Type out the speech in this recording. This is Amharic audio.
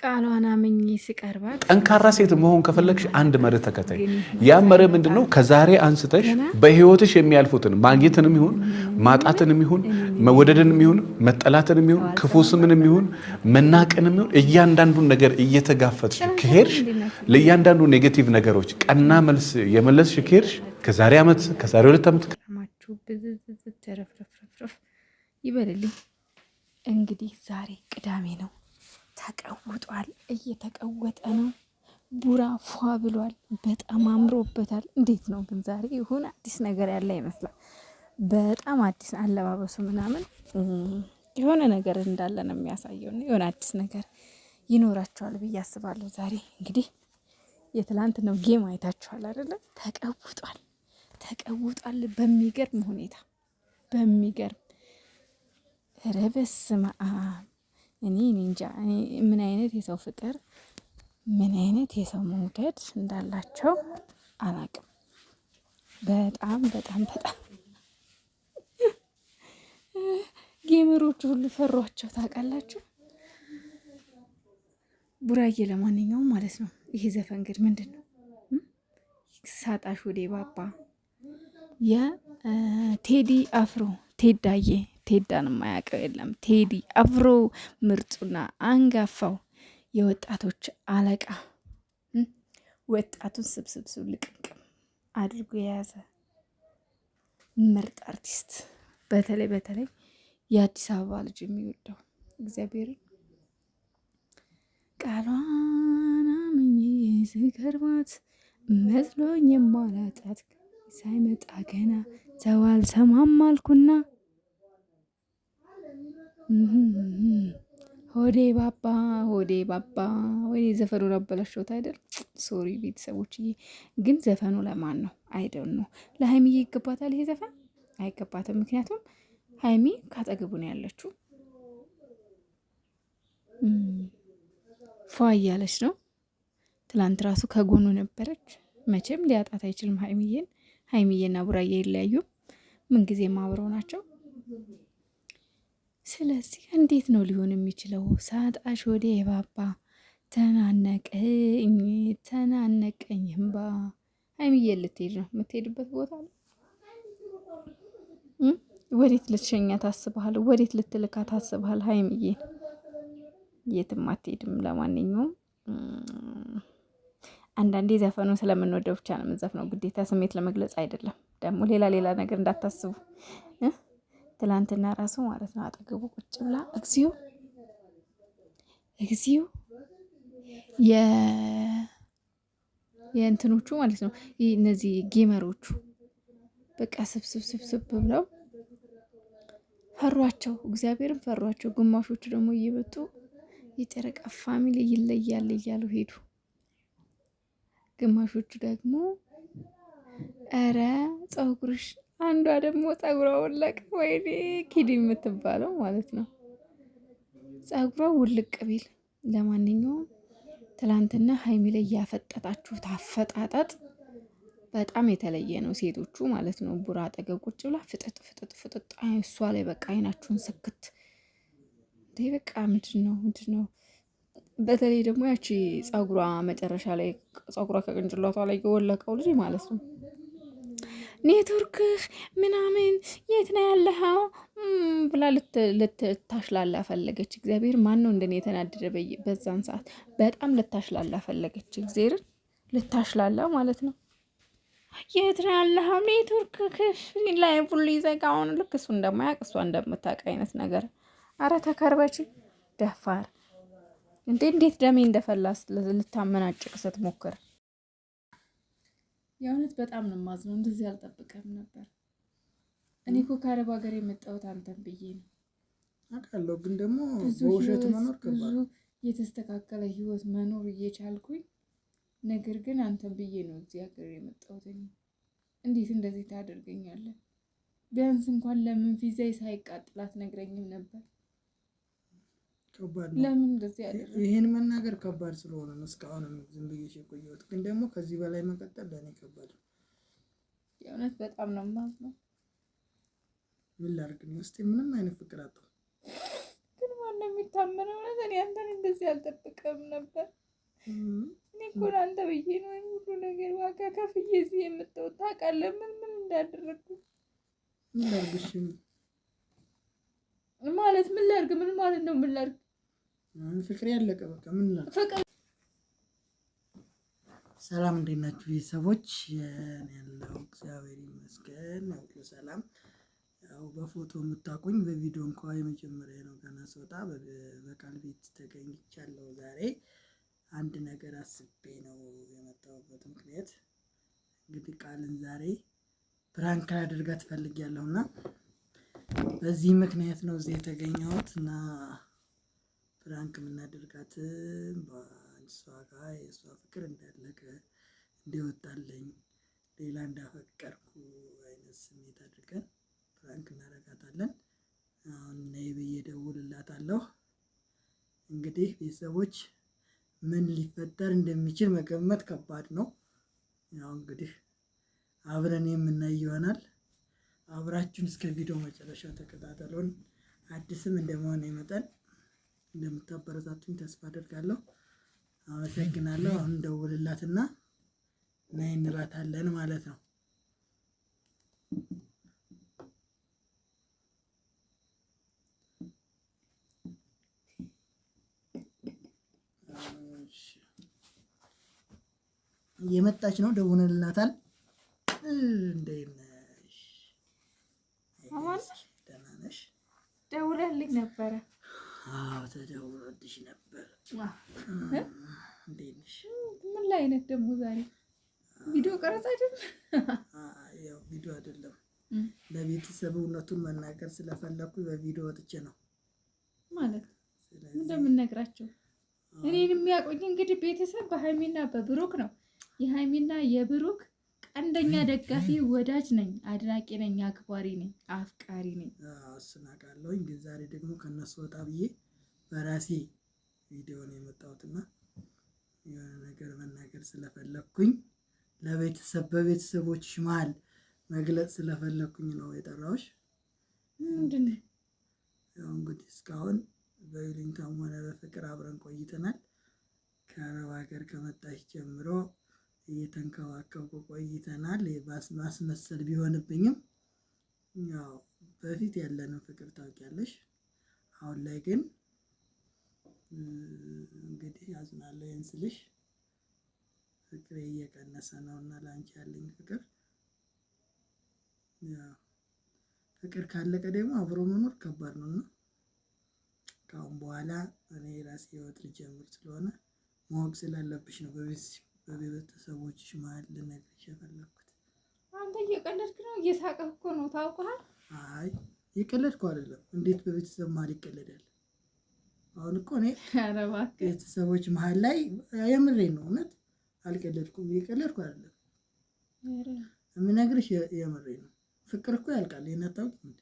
ቃሏን አምኜ ስቀርባት ጠንካራ ሴት መሆን ከፈለግሽ አንድ መርህ ተከታይ። ያ መርህ ምንድን ነው? ከዛሬ አንስተሽ በህይወትሽ የሚያልፉትን ማግኘትንም ይሁን ማጣትንም ይሁን መወደድንም ይሁን መጠላትንም ይሁን ክፉ ስምንም ይሁን መናቅንም ይሁን እያንዳንዱን ነገር እየተጋፈጥሽ ከሄድሽ ለእያንዳንዱ ኔጌቲቭ ነገሮች ቀና መልስ የመለስሽ ከሄድሽ ከዛሬ ዓመት ከዛሬ ሁለት ዓመት ብዝዝዝ ተረፍረፍረፍረፍ ይበልልኝ። እንግዲህ ዛሬ ቅዳሜ ነው። ተቀውጧል። እየተቀወጠ ነው። ቡራ ፏ ብሏል። በጣም አምሮበታል። እንዴት ነው ግን ዛሬ ይሁን አዲስ ነገር ያለ ይመስላል። በጣም አዲስ አለባበሱ ምናምን የሆነ ነገር እንዳለ ነው የሚያሳየው። የሆነ አዲስ ነገር ይኖራቸዋል ብዬ አስባለሁ። ዛሬ እንግዲህ የትላንት ነው ጌም አይታችኋል አይደለም? ተቀውጧል ተቀውጧል በሚገርም ሁኔታ በሚገርም ረበስ እኔ እንጃ ምን አይነት የሰው ፍቅር ምን አይነት የሰው መውደድ እንዳላቸው አላቅም። በጣም በጣም በጣም ጌምሮቹ ሁሉ ፈሯቸው ታውቃላችሁ። ቡራዬ ለማንኛውም ማለት ነው ይሄ ዘፈን ግድ ምንድን ነው ሳጣሽ ወዴ ባባ የቴዲ አፍሮ ቴዳዬ ቴዳን የማያውቀው የለም። ቴዲ አብሮ ምርጡና አንጋፋው የወጣቶች አለቃ ወጣቱን ስብስብስብ ልቅምቅም አድርጎ የያዘ ምርጥ አርቲስት በተለይ በተለይ የአዲስ አበባ ልጅ የሚወደው እግዚአብሔርን ቃሏን አምኜ ስገርማት መስሎኝ የማላጣት ሳይመጣ ገና ሰው ሰማም አልኩና ሆዴ ባባ ሆዴ ባባ። ወይ ዘፈኑ ረበላሾት አይደል? ሶሪ ቤተሰቦችዬ። ግን ዘፈኑ ለማን ነው? አይደል ነው ለሀይሚዬ ይገባታል ይሄ ዘፈን? አይገባትም። ምክንያቱም ሀይሚ ካጠገቡ ነው ያለችው፣ ፏ እያለች ነው። ትላንት ራሱ ከጎኑ ነበረች። መቼም ሊያጣት አይችልም ሀይሚዬን። ሀይሚዬና ቡራዬ ይለያዩ ምንጊዜም አብረው ናቸው። ስለዚህ እንዴት ነው ሊሆን የሚችለው? ሳጣሽ ወደ የባባ ተናነቀኝ ተናነቀኝ እምባ ሀይሚዬ ልትሄድ ነው። የምትሄድበት ቦታ ነው። ወዴት ልትሸኛ ታስበሃል? ወዴት ልትልካ ታስበሃል? ሀይሚዬ የትም አትሄድም። ለማንኛውም አንዳንዴ ዘፈኑ ስለምንወደው ብቻ ነው የምንዘፍነው። ግዴታ ስሜት ለመግለጽ አይደለም። ደግሞ ሌላ ሌላ ነገር እንዳታስቡ። ትላንትና ራሱ ማለት ነው አጠገቡ ቁጭ ብላ እግዚኦ እግዚኦ የእንትኖቹ ማለት ነው እነዚህ ጌመሮቹ በቃ ስብስብ ስብስብ ብለው ፈሯቸው፣ እግዚአብሔርን ፈሯቸው። ግማሾቹ ደግሞ እየመጡ የጨረቃ ፋሚሊ ይለያል እያሉ ሄዱ። ግማሾቹ ደግሞ ረ ፀጉርሽ አንዷ ደግሞ ጸጉሯ ወለቀ ወይኔ ኪድ የምትባለው ማለት ነው። ጸጉሯ ውልቅ ቢል ለማንኛውም ትላንትና ሀይሚ ላይ ያፈጠጣችሁት አፈጣጠጥ በጣም የተለየ ነው። ሴቶቹ ማለት ነው ቡራ አጠገብ ቁጭ ብላ ፍጥጥ ፍጥጥ ፍጥጥ እሷ ላይ በቃ አይናችሁን ስክት ይህ በቃ ምንድን ነው ምንድን ነው? በተለይ ደግሞ ያቺ ጸጉሯ መጨረሻ ላይ ጸጉሯ ከቅንጭላቷ ላይ የወለቀው ልጅ ማለት ነው ኔትወርክህ ምናምን የት ነው ያለኸው ብላ ልታሽላላ ፈለገች። እግዚአብሔር ማን ነው እንደኔ የተናደደ በዛን ሰዓት? በጣም ልታሽላላ ፈለገች። እግዚአብሔርን ልታሽላላ ማለት ነው። የት ነው ያለኸው? ኔትወርክህ ላይ ቡሉ ይዘጋውን። ልክ እሱ እንደማያውቅ እሷ እንደምታውቅ አይነት ነገር። አረ ተከርበች ደፋር እንዴ! እንዴት ደሜ እንደፈላ ልታመናጭቅ ስትሞክር የእውነት በጣም ነው የማዝነው። እንደዚህ አልጠብቀም ነበር። እኔ እኮ ከአረብ ሀገር የመጣሁት አንተን ብዬ ነው አውቃለሁ። ግን ደግሞ በውሸት መኖር ብዙ የተስተካከለ ህይወት መኖር እየቻልኩኝ ነገር ግን አንተን ብዬ ነው እዚህ ሀገር የመጣሁት። እንዴት እንደዚህ ታደርገኛለህ? ቢያንስ እንኳን ለምን ቪዛዬ ሳይቃጥላት ነግረኝም ነበር። ከባድ ነው። ለምን እንደዚህ ያደረገ? ይሄን መናገር ከባድ ስለሆነ ነው እስካሁን ዝም ብዬሽ የቆየሁት። ግን ደግሞ ከዚህ በላይ መቀጠል ለእኔ ከባድ ነው። የእውነት በጣም ነው የማዝነው። ምን ላድርግ ነው ውስጤ ምንም አይነት ፍቅር አጣሁ። ግን ማነው የሚታመነው? እውነት እኔ አንተን እንደዚህ አልጠብቅም ነበር። እኔ እኮ ለአንተ ብዬ ነው ሁሉ ነገር ዋጋ ከፍዬ እዚህ የምትወጣ ታውቃለህ፣ ምን ምን እንዳደረግኩ። ምን ላድርግ? እሺ ማለት ምን ላድርግ? ምን ማለት ነው? ምን ላድርግ ፍቅሬ ያለቀ በቃ ምን ሰላም፣ እንዴት ናችሁ ቤተሰቦች? ያለው እግዚአብሔር ይመስገን። ያው ሰላም ያው በፎቶ የምታውቁኝ በቪዲዮ እንኳ የመጀመሪያ ነው። ገና ስወጣ በቃል ቤት ተገኝቻለሁ። ዛሬ አንድ ነገር አስቤ ነው የመጣሁበት ምክንያት እንግዲህ ቃልን ዛሬ ፕራንክ አድርጋ ትፈልግ እና በዚህ ምክንያት ነው እዚህ የተገኘሁት እና ፍራንክ የምናደርጋትን በእሷ ጋር የእሷ ፍቅር እንዳለቀ እንዲወጣለኝ ሌላ እንዳፈቀርኩ አይነት ስሜት አድርገን ፍራንክ እናደርጋታለን። አሁን ነይ ብዬ እደውልላታለሁ። እንግዲህ ቤተሰቦች ምን ሊፈጠር እንደሚችል መገመት ከባድ ነው። ያው እንግዲህ አብረን የምናይ ይሆናል። አብራችሁን እስከ ቪዲዮ መጨረሻ ተከታተሉን። አዲስም እንደመሆን መጠን እንደምታበረታቱኝ ተስፋ አደርጋለሁ። አመሰግናለሁ። አሁን ደውልላትና ነይ እንላታለን ማለት ነው። የመጣች ነው። ደውለንላታል። እንዴት ነሽ? ደህና ነሽ? ደውለልኝ ነበረ አዎ ተደውሎልሽ ነበር። ምን ላይ አይነት ደግሞ ዛሬ ቪዲዮ ቀረጻ አይደለም? ያው ቪዲዮ አይደለም፣ ለቤተሰብ እውነቱን መናገር ስለፈለኩ በቪዲዮ ወጥቼ ነው ማለት እንደምነግራቸው። እኔን የሚያቆኝ እንግዲህ ቤተሰብ በሀይሚና በብሩክ ነው። የሀይሚና የብሩክ ቀንደኛ ደጋፊ ወዳጅ ነኝ፣ አድናቂ ነኝ፣ አክባሪ ነኝ፣ አፍቃሪ ነኝ። አስናቃለሁ እንግዲህ ዛሬ ደግሞ ከነሱ ወጣ ብዬ በራሴ ቪዲዮ ነው የመጣሁትና የሆነ ነገር መናገር ስለፈለግኩኝ ለቤተሰብ በቤተሰቦች መሀል መግለጽ ስለፈለግኩኝ ነው የጠራሁሽ። ምንድን ነው እንግዲህ እስካሁን በይሉኝታም ሆነ በፍቅር አብረን ቆይተናል። ከአረብ ሀገር ከመጣሽ ጀምሮ እየተንከባከብኩ ቆይተናል። ማስመሰል ቢሆንብኝም ያው በፊት ያለንን ፍቅር ታውቂያለሽ። አሁን ላይ ግን እንግዲህ ያዝናለሁ ይህን ስልሽ ፍቅሬ እየቀነሰ ነው እና ለአንቺ ያለኝ ፍቅር ፍቅር ካለቀ ደግሞ አብሮ መኖር ከባድ ነው እና ከአሁን በኋላ እኔ የራሴ ህይወት ልጀምር ስለሆነ ማወቅ ስላለብሽ ነው በቤት በቤተሰቦችሽ መሀል ልነግርሽ የፈለኩት አንተ እየቀለድክ ነው። እየሳቀህ እኮ ነው። ታውቀሃል? አይ እየቀለድኩ አይደለም። እንዴት በቤተሰብ መሀል ይቀለዳል? አሁን እኮ እኔ ቤተሰቦች መሀል ላይ የምሬ ነው። እውነት አልቀለድኩም። እየቀለድኩ አይደለም። የምነግርሽ የምሬ ነው። ፍቅር እኮ ያልቃል። ይህን እንዴ?